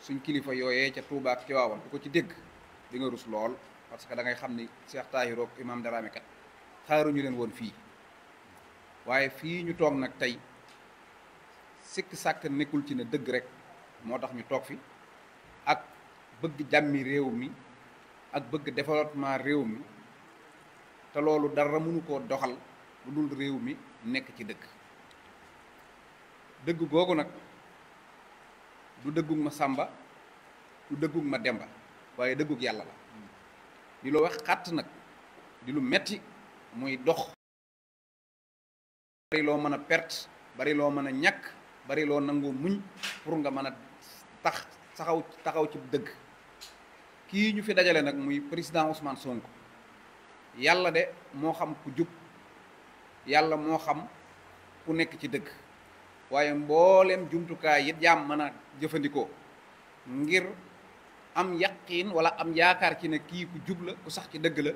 suñ kilifa yooyee ca Touba ak Tiwaawan ku ko ci dégg di nga rus lool parce que da ngay xam ni Cheikh Tahirou ak Imam Darame kat xaaruñu leen woon fii waaye fii ñu toog nag tey sikk sàkk nekkul ci ne dëgg rek moo tax ñu toog fi ak bëgg jàmmi réew mi ak bëgg développement réew mi te loolu dara mënu ko doxal lu dul réew mi nekk ci dëgg dëgg googu nag du dëggug ma sàmba du dëggug ma demba waaye dëggug yàlla la di lu wax xàtt nag di lu metti muy dox bari loo mën a perte bari loo mën a ñàkk bari loo nangoo muñ pour nga mën a tax taxaw taxaw ci dëgg kii ñu fi dajale nag muy président Ousmane Sonko yàlla de moo xam ku jub yàlla moo xam ku nekk ci dëgg waaye mbooleem jumtukaay yi jaam mën a jëfandikoo ngir am yaqiin wala am yaakaar ci ne kii ku jub ku sax ci dëgg la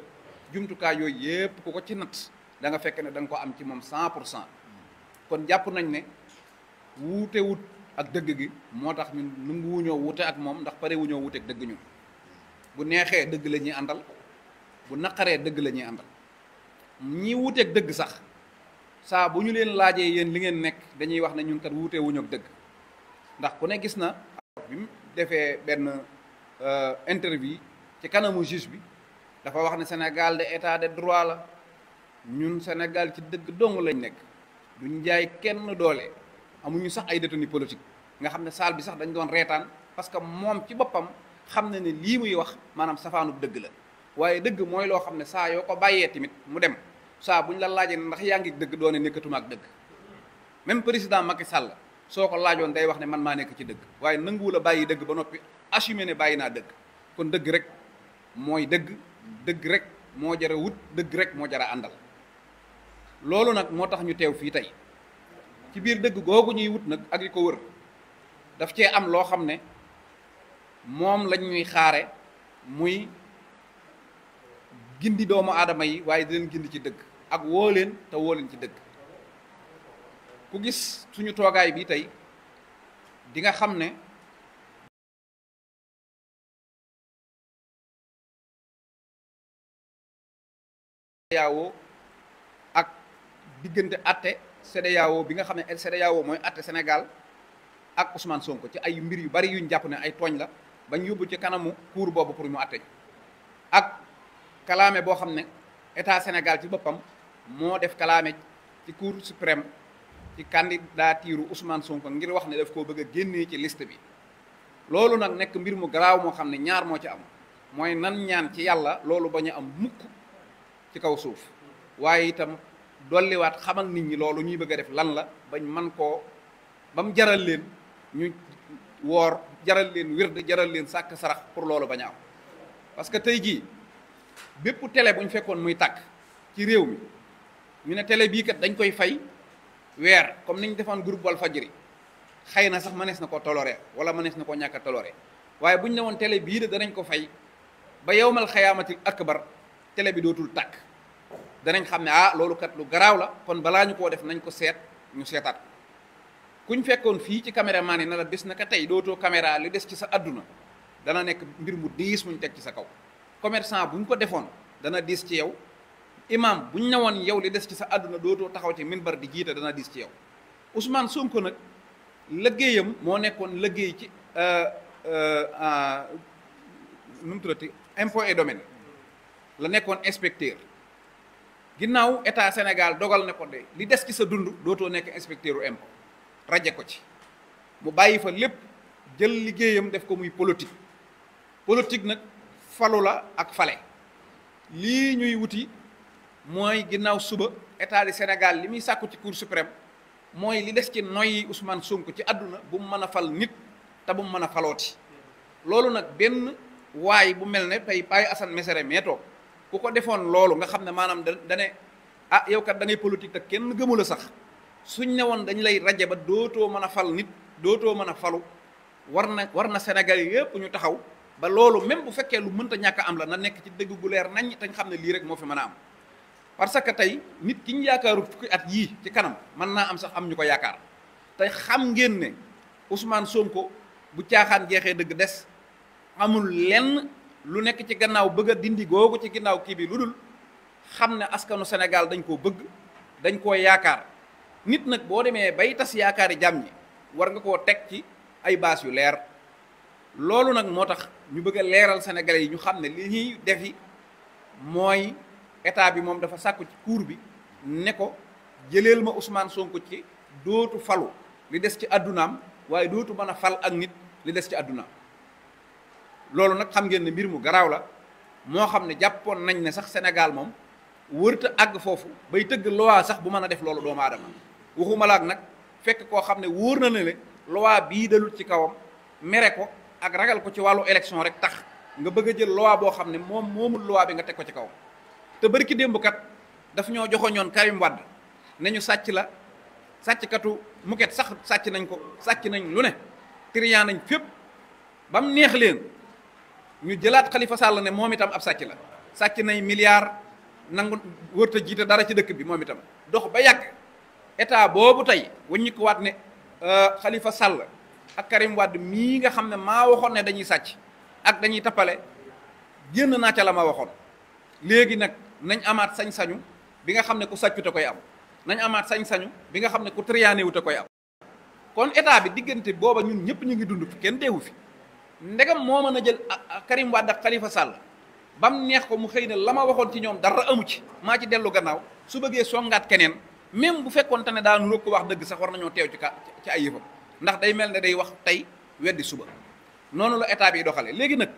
jumtukaay yooyu yépp ku ko ci natt da nga fekk ne danga ko am ci moom cent pour cent kon jàpp nañ ne wuute wut ak dëgg gi moo tax ñun nangu wuñoo wute ak moom ndax pare wuñoo wute dëgg ñu bu neexee dëgg la ñuy àndal bu naqaree dëgg lañuy ñuy àndal ñi wuteeg dëgg sax saa bu ñu leen laajee yéen li ngeen nekk dañuy wax ne ñun kat wutee wuñu ak dëgg ndax ku ne gis na bi mu defee benn euh, interview ci kanamu juge bi dafa wax ne Sénégal de état de droit la ñun senegal ci dëgg dong lañ nekk duñ njaay kenn doole amuñu sax ay détenu politique nga xam ne saal bi sax dañ doon reetaan parce que moom ci boppam xam na ne lii muy wax maanaam safaanub dëgg la waaye dëgg mooy loo xam ne saa yoo ko bàyyee tamit mu dem saa bu ñu la laajee ndax yaa ngi dëgg doone nekkatuma ak dëgg même président Macky Sall soo ko laajoon day wax ne man maa nekk ci dëgg waaye nanguwul a bàyyi dëgg ba noppi assumé ne bàyyi naa dëgg kon dëgg rek mooy dëgg dëgg rek moo jara wut dëgg rek moo jara àndal loolu nag moo tax ñu teew fii tey ci biir dëgg googu ñuy wut nag ak li ko wër daf cee am loo xam ne moom lañ ñuy xaare muy gindi doomu aadama yi waaye dinañ gindi ci dëgg ak woo leen te woo leen ci dëgg ku gis suñu toogaay bi tey di nga xam ne CEDEAO ak diggante atte CEDEAO bi nga xam ne CEDEAO mooy atte senegal ak Ousmane Sonko ci ay mbir yu bari yuñ jàpp ne ay tooñ la bañ yóbbu ci kanamu cour boobu pour ñu atte ak kalaame boo xam ne état senegal ci boppam moo def kalaame ci cour suprême ci candidature Ousmane Sonko ngir wax ne daf koo bëgg a génnee ci liste bi loolu nag nekk mbir mu garaaw moo xam ne ñaar moo ci am mooy nan ñaan ci yàlla loolu bañu a am mukk ci kaw suuf waaye itam dolliwaat xamal nit ñi loolu ñuy bëgg a def lan la bañ man koo ba mu jaral leen ñu woor jaral leen wird jaral leen sàkk sarax pour loolu bañ a am parce que tey jii bépp tele bu ñu fekkoon muy takk ci réew mi ñu ne tele bii kat dañ koy fay weer comme ni ñu defoon groupe Walfadjri xëy na sax mënees na ko toloree wala mënees na ko ñàkk a toloree waaye bu ñu ne woon télé bii de danañ ko fay ba yowmal xayaamatil akbar télé bi dootul tàkk danañ xam ne ah loolu kat lu garaaw la kon balaa ñu koo def nañ ko seet ñu seetaat ku ñu fekkoon fii ci caméraman yi na la bés naka tey dootoo caméra li des ci sa adduna dana nekk mbir mu diis ñu teg ci sa kaw commerçant bu ko defoon dana diis ci yow. imaam bu ñu newoon yow li des ci sa àdduna dootoo taxaw ci minbar di jiite dana diis ci yow Ousmane Sonko nag liggéeyam moo nekkoon liggéey ci euh, euh, euh, nu mu tuddati et domaine la nekkoon inspecteur ginnaaw état senegal dogal ne ko de li des ci sa dund dootoo nekk inspecteur u impôt raje ko ci mu bàyyi fa lépp jël liggéeyam def ko muy politique politique nag falu la ak fale lii ñuy wuti mooy ginnaaw suba état du Sénégal li muy sàkku ci cour suprême mooy li des ci noyyi Ousmane sunk ci àdduna bu mu mën a fal nit te bu mu mën a falooti loolu nag benn waay bu mel ne tey Baye Assane Mesere mee toog ku ko defoon loolu nga xam ne maanaam da da ne ah yow kat da ngay te kenn gëmu la sax suñ ne woon dañ lay raje ba dootoo mën a fal nit dootoo mën a falu war na war na Sénégal yëpp ñu taxaw ba loolu même bu fekkee lu mënta ñàkk am la na nekk ci dëgg gu leer naññ xam ne lii rek moo fi mën a am. parce que tey nit ki ñu yaakaaru fukki at yii ci kanam mën naa am sax am ñu ko yaakaar tey xam ngeen ne Ousmane ko bu caaxaan jeexee dëgg des amul lenn lu nekk ci gannaaw bëgg a dindi googu ci gannaaw kii bi lu dul xam ne askanu Sénégal dañ koo bëgg dañ ko yaakaar nit nag boo demee bay tas yaakaari jàmm ñi war nga koo teg ci ay baas yu leer loolu nag moo tax ñu bëgg a leeral sénégalais yi ñu xam ne li ñuy defi mooy. état bi moom dafa sàkku ci kuur bi ne ko jëleel ma Ousmane Sonko ci dootu falu li des ci addunaam waaye dootu mën a fal ak nit li des ci addunaam loolu nag xam ngeen ne mbir mu garaaw la moo xam ne jàppoon nañ ne sax Sénégal moom wërta àgg foofu bay tëgg loi sax bu mën a def loolu doomu aadama waxuma laak nag fekk koo xam ne wóor na ne le bii dalul ci kawam mere ko ak ragal ko ci wàllu élection rek tax nga bëgg jël luwaa boo xam ne moom moomul loi bi nga teg ko ci kawam te bariki ki démb kat daf ñoo joxoñoon Karim Wade ne ñu sàcc la sàcckatu muket sax sàcc nañ ko sàcc nañ lu ne triant nañ fépp ba mu neex leen ñu jëlaat xalifa sàll ne moom itam ab sàcc la sàcc nañ milliards nangu wërta jiite dara ci dëkk bi moom itam dox ba yàgg état boobu tey waññi ko waat ne euh, Khalifa Sall ak Karim Wade mii nga xam ne maa waxoon ne dañuy sàcc ak dañuy tappale génn naa ca la ma waxoon léegi nag nañ amaat sañ-sañu bi nga xam ne ku sàccute koy am nañ amaat sañ-sañu bi nga xam ne ku triyaane wute koy am kon état bi diggante booba ñun ñëpp ñu ngi dund fi kenn deewu fi ndegam moo mën a jël Karim Wade ak Khalifa Sall bam neex ko mu xëy ne la ma waxoon ci ñoom dara amu ci maa ci dellu gannaaw su bëggee songaat keneen même bu fekkoonte ne daanu rokk ko wax dëgg sax war nañoo teew ci ka ci ay yëfam ndax day mel ne day wax tey weddi suba noonu la état bi doxalee léegi nag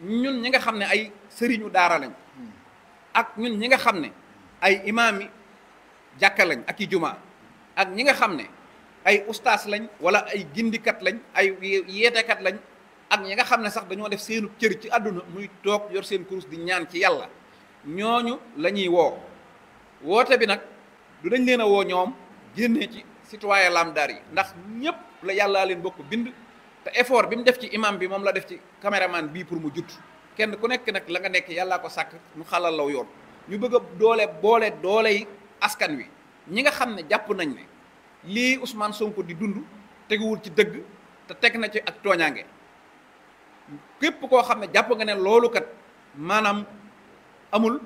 ñun ñi nga xam ne ay sëriñu daara lañ ak ñun ñi nga xam ne ay imaam yi jàkka lañ ak i jumaa ak ñi nga xam ne ay ustaas lañ wala ay gindikat lañ ay yeetekat lañ ak ñi nga xam ne sax dañoo def seenu cër ci àdduna muy toog yor seen kurus di ñaan ci yàlla ñooñu la ñuy woo woote bi nag du dañ leen a woo ñoom génnee ci citoyen lamdaar yi ndax ñépp la yàllaa leen bokk bind te effort bi mu def ci imam bi moom la def ci caméraman bii pour mu jut kenn ku nekk nag la nga nekk yàllaa ko sàkk mu xalal law yoon ñu bëgg a doole boole doole yi askan wi ñi nga xam ne jàpp nañ ne lii Ousmane Sonko di dund teguwul ci dëgg te teg na ci ak tooñaange képp koo xam ne jàpp nga ne loolu kat maanaam amul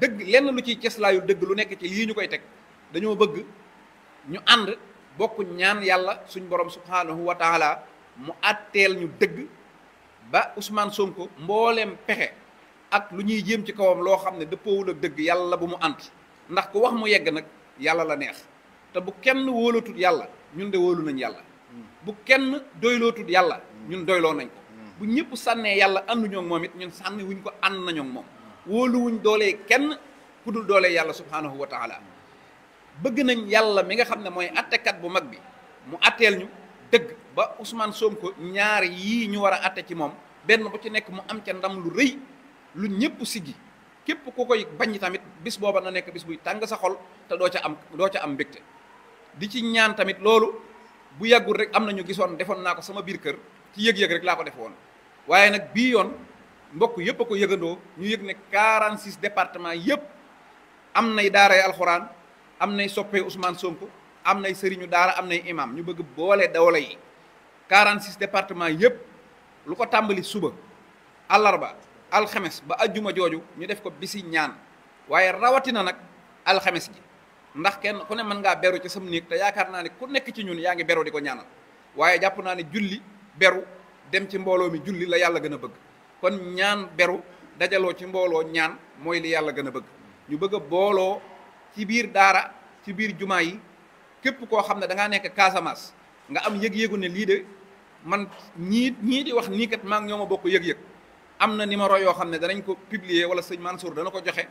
dëgg lenn lu ciy ceslaayul dëgg lu nekk ci lii ñu koy teg dañoo bëgg ñu ànd bokk ñaan yàlla suñ borom subhanahu wa taala mu àtteel ñu dëgg ba Ousmane Sonko mbooleem pexe ak lu ñuy jéem ci kawam loo xam ne dëppoowul ak dëgg yàlla bu mu ànt ndax ku wax mu yegg nag yàlla la neex te bu kenn wóolatut yàlla ñun de wóolu nañ yàlla bu kenn doylootut yàlla ñun doyloo nañ ko bu ñëpp sànnee yàlla ànduñoo ak moom it ñun sànni ko ànd nañoo moom wóoluwuñ doolee kenn ku dul doolee yàlla subhaanahu wa bëgg nañ yàlla mi nga xam ne mooy attekat bu mag bi mu atteel ñu dëgg ba Ousmane Sonko ñaar yii ñu war a atte ci moom benn bu ci nekk mu am ca ndam lu rëy lu ñëpp siggi képp ku koy bañ tamit bis booba nekk bis buy tàng sa te doo ca am doo ca am di ci ñaan tamit loolu bu yàggul rek am na gisoon defoon naa ko sama biir kër ci rek laa ko def waaye nag yoon mbokk yëpp ko yëgandoo ñu yëg ne 46 département yëpp am nay daaray alxuraan am nay soppee Ousmane Sonko am nay sëriñu daara am nay imaam ñu bëgg boole dawla yi 46 département yëpp lu ko tàmbali suba àllarba alxemes ba ajjuma jooju ñu def ko bisi ñaan waaye rawatina nag alxames ji ndax kenn ku ne mën ngaa beru ci sam néeg te yaakaar naa ne ku nekk ci ñun yaa ngi beru di ko ñaanal waaye jàpp naa ne julli beru dem ci mbooloo mi julli la yàlla gën a bëgg kon ñaan beru dajaloo ci mbooloo ñaan mooy li yàlla gën a bëgg ñu bëgg booloo ci biir daara ci biir jumaa yi képp koo xam ne da nekk Casamance nga am yëg-yëgu ne lii de man ñii ñii di wax nii kat maa ngi ñoo ma bokk yëg-yëg am na numéro yoo xam ne danañ ko publier wala sëñ Mansour dana ko joxe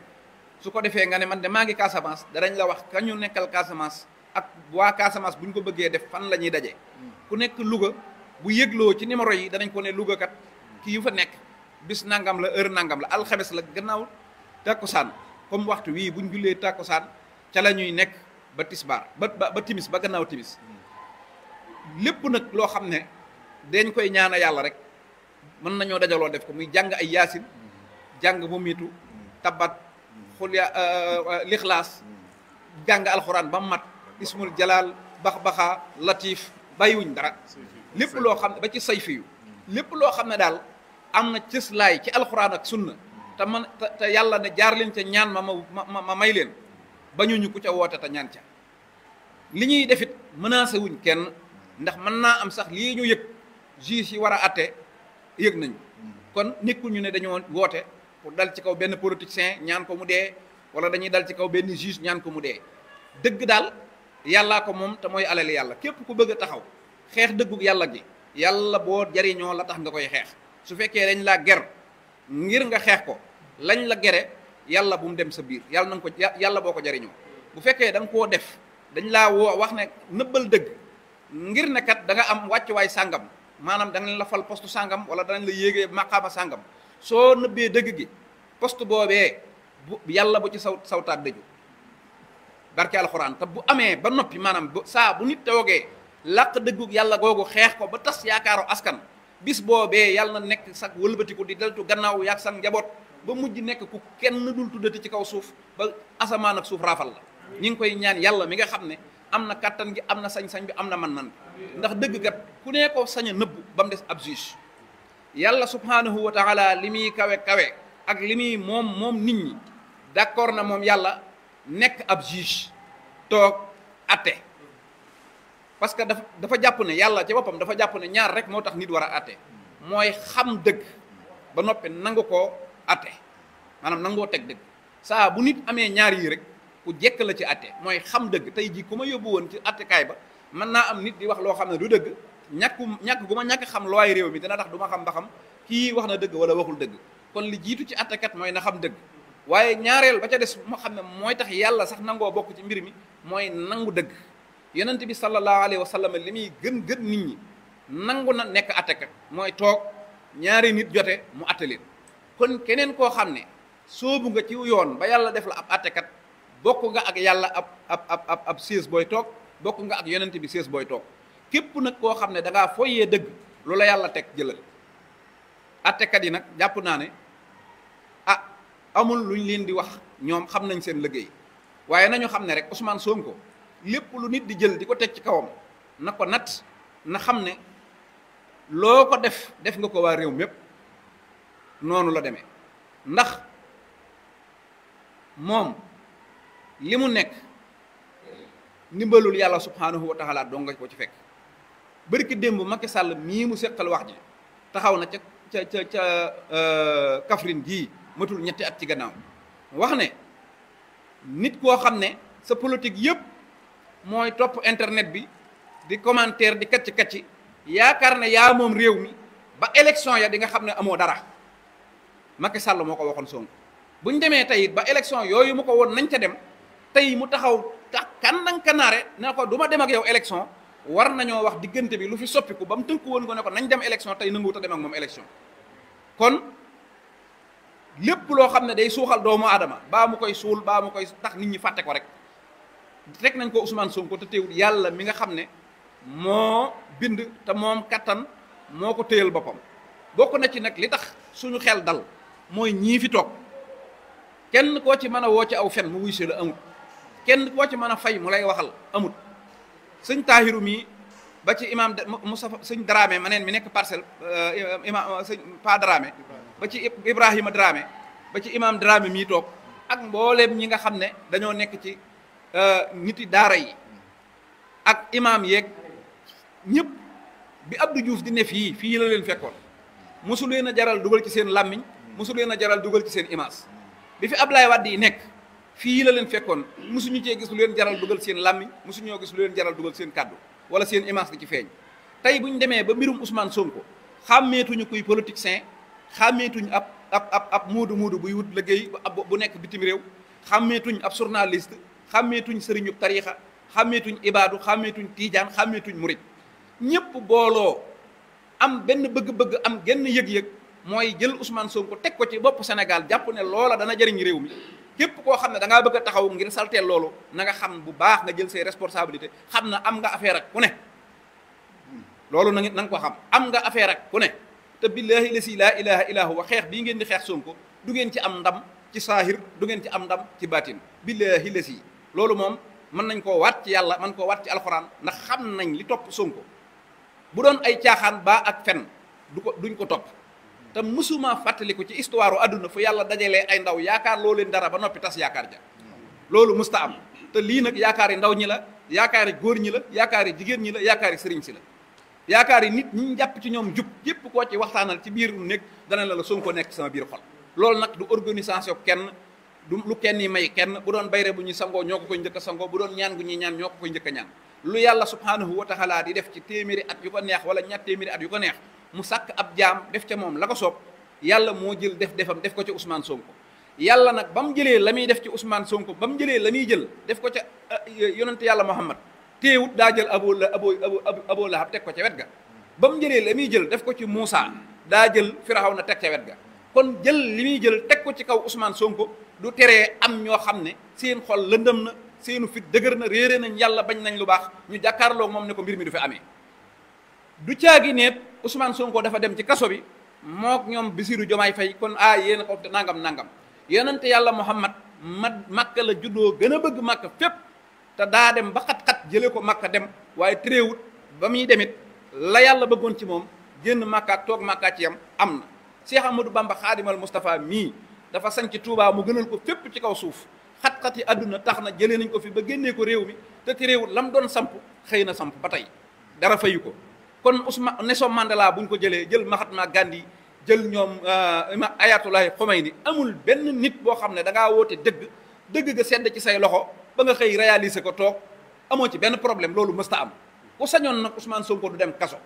su ko defee nga ne man de maa ngi Casamance danañ la wax ka ñu nekkal Casamance ak waa Casamance bu ñu ko bëggee def fan la ñuy daje. Hmm. ku nekk Louga bu yëgloo ci numéro yi danañ ko ne Louga kat kii yu fa nekk bis nangam la heure nangam la alxames la gannaaw tàkkusaan comme waxtu wii bu ñu jullee tàkkusaan ca la ñuy nekk ba tisbaar ba ba timis ba gannaaw timis. Hmm. lépp nag loo xam ne dañ koy ñaana yàlla rek mën nañoo dajaloo def ko muy jàng ay yaasin jàng mu miitu tabat xulya euh, euh, lixlaas jàng alxuraan ba mat ismul jalaal bax baxaa bay wuñ dara lépp loo xam ne ba ci sayfi yu lépp loo xam ne daal am na cëslaay ci alxuraan ak sunna te man te yàlla ne jaar leen ca ñaan ma ma ma may leen bañuñu ku ca woote te ñaan ca li ñuy defit menacé wuñ kenn ndax mën naa am sax lii ñu yëg juge yi war a atte yëg nañu kon nekkul ñu ne dañoo woote pour dal ci kaw benn politicien ñaan ko mu dee wala dañuy dal ci kaw benn juge ñaan ko mu dee dëgg daal yàllaa ko moom te mooy alal yàlla képp ku bëgg taxaw xeex dëggu yàlla gi yàlla boo jariñoo la tax nga koy xeex su fekkee dañ laa ger ngir nga xeex ko lañ la gere yàlla bu mu dem sa biir yàlla na nga ko yàlla boo ko jariñoo bu fekkee danga koo def dañ laa woo wax ne nëbbal dëgg ngir ne kat da nga am wàccuwaay sàngam maanaam da nga la fal poste sàngam wala danañ la yéegee maqaama sàngam soo nëbbee dëgg gi poste boobee bu yàlla bu ci saw sawtaat dëju barke alxuraan te bu amee ba noppi maanaam saa bu nit toogee làq dëggug yàlla googu xeex ko ba tas yaakaaru askan bis boobee yàlla na nekk sax wëlbatiku di deltu gannaaw yaag sax njaboot ba mujj nekk ku kenn dul tuddati ci kaw suuf ba asamaan ak suuf raafal la ñi ngi koy ñaan yàlla mi nga xam ne am na kàttan gi am na sañ-sañ bi am na man-man bi ndax dëgg kat ku nee ko sañ a ba mu des ab juge yàlla subhanahu wa taala li muy kawe kawe ak li muy moom moom nit ñi d'accord na moom yàlla nekk ab juge toog atte parce que dafa dafa jàpp ne yàlla ci boppam dafa jàpp ne ñaar rek moo tax nit war a atte mooy xam dëgg ba noppi nangu koo atte maanaam nangoo teg dëgg saa bu nit amee ñaar yii rek ku jekk la ci atte mooy xam dëgg tey jii ku ma yóbbu woon ci attekaay ba mën naa am nit di wax loo xam ne du dëgg ñàkku ñàkk gu ma ñàkk xam looy réew mi dina tax du ma xam ba xam kii wax na dëgg wala waxul dëgg kon li jiitu ci attekat mooy na xam dëgg waaye ñaareel ba ca des moo xam ne mooy tax yàlla sax nangoo bokk ci mbir mi mooy nangu dëgg yonent bi sallallahu alayhi wa sallam li muy gën gën nit ñi nangu na nekk attekat mooy toog ñaari nit jote mu atte kon keneen koo xam ne soobu nga ci yoon ba yàlla def la ab attekat bokk nga ak yàlla ab ab ab ab siis booy toog bokk nga ak yonent bi siis booy toog képp nag koo xam ne da ngaa dëgg lu la yàlla teg jëlal attekat yi nag jàpp naa ne ah amul luñ leen di wax ñoom xam nañ seen liggéey waaye nañu xam ne rek Ousmane ko lépp lu nit di jël di ko teg ci kawam na ko nat na xam ne loo ko def def nga ko waa réew mépp noonu la demee ndax moom li mu nekk ndimbalul yàlla subhaanahu wa taala dong nga ko ci fekk bërki démb Macky Sall mii mu seqal wax ji taxaw na ca ca ca ca euh, Kaffrine gii matul ñetti at ci gannaaw wax ne nit koo xam ne sa politique yëpp mooy topp internet bi di commentaire di kacc kacc yaakaar ne yaa moom réew mi ba élection ya di nga xam ne amoo dara Macky Sall moo ko waxoon Sonko bu ñu demee tey it ba élection yooyu mu ko woon nañ ca dem tey mu taxaw tax kan nang ne ko du ma dem ak yow élection war nañoo wax diggante bi lu fi soppiku ba mu tënku woon ko ne ko nañ dem élection tey nanguwut a dem ak moom élection kon lépp loo xam ne day suuxal doomu aadama baa mu koy suul baa mu koy tax nit ñi fàtte ko rek teg nañ ko Ousmane ko te teewul yàlla mi nga xam ne moo bind te moom kattan moo ko téyal boppam bokk na ci nag li tax suñu xel dal mooy ñii fi toog kenn koo ci mën a woo ci aw fen mu wuy la amut kenn koo ci mën a fay mu lay waxal amut sëñ taahiru mii ba ci imaam Moustapha sëñ Dramé ma neen mi nekk parcelle euh, imaam euh, sëñ Pa Dramé ba ci Ibrahima Dramé ba ci imaam Dramé mii toog ak mbooleem ñi nga xam ne dañoo nekk ci euh, niti daara yi ak imaam yeeg ñëpp bi Abdou juuf di ne fii fii la leen fekkoon mosu a jaral dugal ci seen làmmiñ mosu leen a jaral dugal ci seen image bi fi Ablaye Wade yi nekk fii la leen fekkoon mosuñu cee gis lu leen jaral dugal seen làmmi mosuñoo gis lu leen jaral dugal seen kàddu wala seen image di ci feeñ tey bu ñu demee ba mbirum Ousmane Sonko xàmmeetuñu kuy politicien xàmmeetuñu ab ab ab ab muudu muudu buy wut liggéey bu nekk bitim réew xàmmeetuñ ab journaliste xàmmeetuñ sëriñub tariixa xàmmeetuñ ibaadu xàmmeetuñ tiijaan xàmmeetuñ murit ñëpp booloo am benn bëgg-bëgg am genn yëg-yëg mooy jël Ousmane Sonko teg ko ci bopp Sénégal jàpp ne loola dana jëriñ réew mi képp koo xam ne da ngaa bëgg a taxaw ngir salteel loolu nanga xam bu baax nga jël say responsabilité xam na am nga affaire ak ku ne loolu na nga ko xam am nga affaire ak ku ne te billaahi la si laa ilaha illaa huwa xeex bii ngeen di xeex Sonko du ngeen ci am ndam ci saahir du ngeen ci am ndam ci baatin billaahi la si loolu moom mën nañ koo waat ci yàlla mën koo waat ci alxuraan ndax xam nañ li topp Sonko bu doon ay caaxaan baa ak fen du ko duñ ko topp te mësuma fàttaliku ci histoire àdduna fu yàlla dajalee ay ndaw yaakaar loo leen dara ba noppi tas yaakaar ja loolu musta am te lii nag yaakaar yi ndaw ñi la yaakaar yi góor ñi la yaakaar yi jigéen ñi la yaakaar yi sëriñ si la yaakaar yi nit ñi jàpp ci ñoom jub yépp koo ci waxtaanal ci biir nekk dana la la ko nekk sama biir xol loolu nag du organisation kenn du lu kenn yi may kenn bu doon bayre bu ñuy sangoo ñoo ko koy njëkk sangoo bu doon ñaan gu ñuy ñaan ñoo ko koy a ñaan lu yàlla subhanahu wa di def ci téeméeri at yu ko neex wala ñaar téeméeri at yu ko mu sàkk ab jaam def ca moom la ko soob yàlla moo jël def defam def ko ci usmaan Sonko yàlla nag ba mu jëlee la muy def ci Ousmane Sonko ba mu jëlee la muy jël def ko ca ah, yonent yàlla Muhammad téewut daa jël aboo la aboo aboo lahab teg ko ca wet ga ba mu jëlee la muy jël def ko ci Moussa daa jël Firawna teg ca wet ga kon jël li muy jël teg ko ci kaw Ousmane Sonko du teree am ñoo xam ne seen xol lëndëm na seenu fit dëgër na réere nañ yàlla bañ nañ lu baax ñu jàkkaarloo moom ne ko mbir mi du fi amee du caagi neet Ousmane Sonko dafa dem ci kaso bi mook ñoom Bisiru Jomaay Fay kon ah yéen a ko nangam nangam yonente yàlla Muhammad ma Makka la juddoo gën a bëgg Makka fépp te daa dem ba xat-xat jëlee ko Makka dem waaye tréewut ba muy demit la yàlla bëggoon ci moom génn Makka toog Makka ci yam am na Cheikh Amadou Bamba Xaadimal Moustapha mii dafa sañ ci Touba mu gënal ko fépp ci kaw suuf xat-xat yi àdduna tax na jëlee nañ ko fi ba génnee ko réew mi te tréewut lam doon samp xëy na samp ba tey dara fayu ko kon Ousmane Nelson Mandela bu ñu ko jëlee jël Mahatma Gandhi jël ñoom euh, ayatullahi Khomeini amul benn nit boo xam ne da ngaa woote dëgg dëgg ga sedd ci say loxo ba nga xëy réaliser ko toog amoo ci benn problème loolu mësta am ku sañoon nag Ousmane Sonko du dem kaso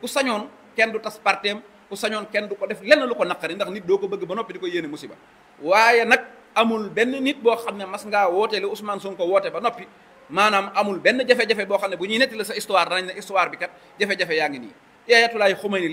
ku sañoon kenn du tas parteem ku sañoon kenn du ko def lenn lu ko naqari ndax nit doo ko bëgg ba noppi di ko yéene musiba waaye nag amul benn nit boo xam ne mas ngaa woote li Ousmane Sonko woote ba noppi maanaam amul benn jafe-jafe boo xam ne bu ñuy netti la sa histoire danañ ne histoire bi kat jafe-jafe yaa ngi nii yaayatulaay xumay ni